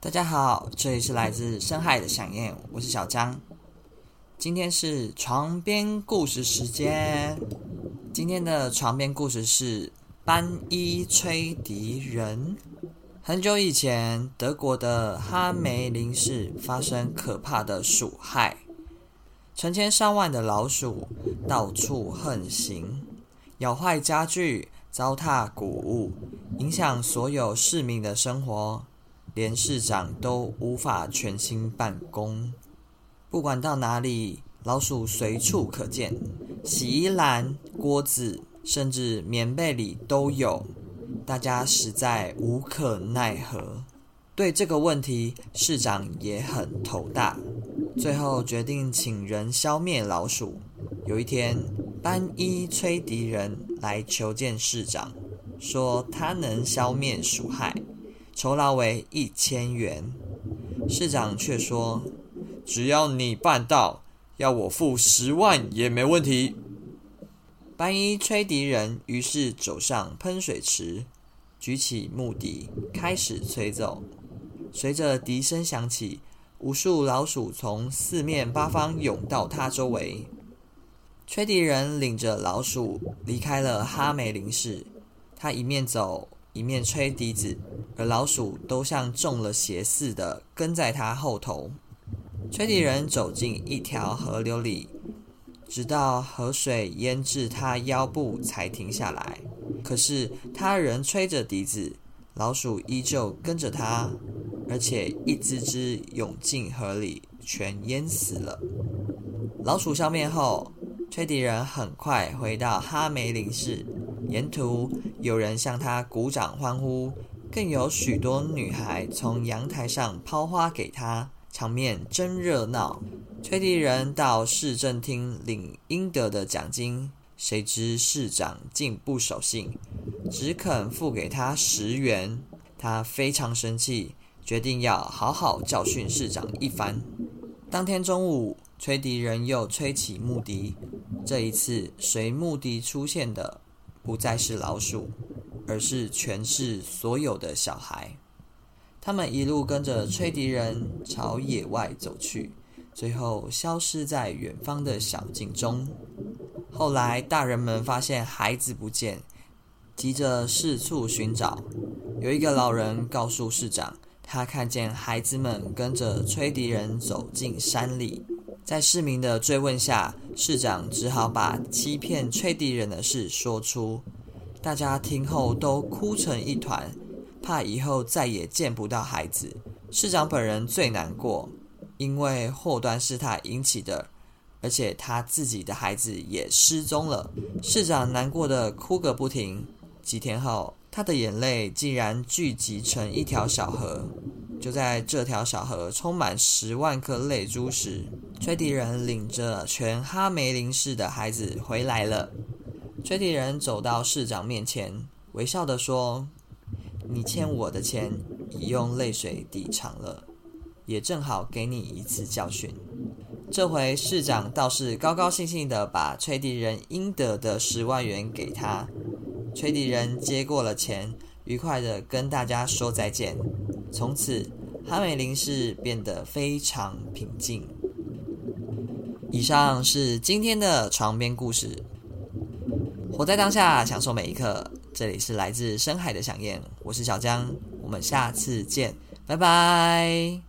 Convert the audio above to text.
大家好，這裡是來自深海的想念，我是小張。今天是床邊故事時間，今天的床邊故事是斑衣吹笛人。很久以前，德國的哈梅林市發生可怕的鼠害，成千上萬的老鼠到處橫行，咬壞家具，糟蹋穀物，影響所有市民的生活。連市長都無法全心辦公，不管到哪裡，老鼠隨處可見，洗衣籃、鍋子，甚至棉被裡都有，大家實在無可奈何。對這個問題，市長也很頭大，最後決定請人消滅老鼠。有一天，斑衣吹笛人來求見市長，說他能消滅鼠害。酬勞為一千元，市長卻說：“只要你辦到，要我付十萬也沒問題。”斑衣吹笛人於是走上噴水池，舉起木笛開始吹奏。隨着笛聲響起，無數老鼠從四面八方湧到他周圍。吹笛人領着老鼠離開了哈梅林市，他一面走。一面吹笛子，而老鼠都像中了邪似的跟在他後頭。吹笛人走進一條河流裡，直到河水淹至他腰部才停下來。可是他仍吹着笛子，老鼠依舊跟着他，而且一隻隻湧進河裡，全淹死了。老鼠消滅後，吹笛人很快回到哈梅林市，沿途有人向他鼓掌歡呼，更有許多女孩從陽台上拋花給他，場面真熱鬧。吹笛人到市政廳領應得的獎金，誰知市長竟不守信，只肯付給他十元，他非常生氣，決定要好好教訓市長一番。當天中午，吹笛人又吹起木笛。這一次，隨木笛出現的不再是老鼠，而是全市所有的小孩。他們一路跟着吹笛人朝野外走去，最後消失在遠方的小徑中。後來，大人們發現孩子不見，急着四處尋找。有一個老人告訴市長。他看見孩子們跟着吹笛人走進山裡，在市民的追問下，市長只好把欺騙吹笛人的事說出。大家聽後都哭成一團，怕以後再也見不到孩子。市長本人最難過，因為禍端是他引起的，而且他自己的孩子也失蹤了。市長難過得哭個不停，幾天後。他的眼淚竟然聚集成一條小河，就在這條小河充滿十萬顆淚珠時，吹笛人領着全哈梅林市的孩子回來了。吹笛人走到市長面前，微笑地說：“你欠我的錢已用淚水抵償了，也正好給你一次教訓。”這回市長倒是高高興興地把吹笛人應得的十萬元給他。吹笛人接過了錢，愉快地跟大家說再見。從此，哈美林市變得非常平靜。以上是今天的床邊故事。活在當下，享受每一刻。這裡是來自深海的饗宴，我是小江，我們下次見，拜拜。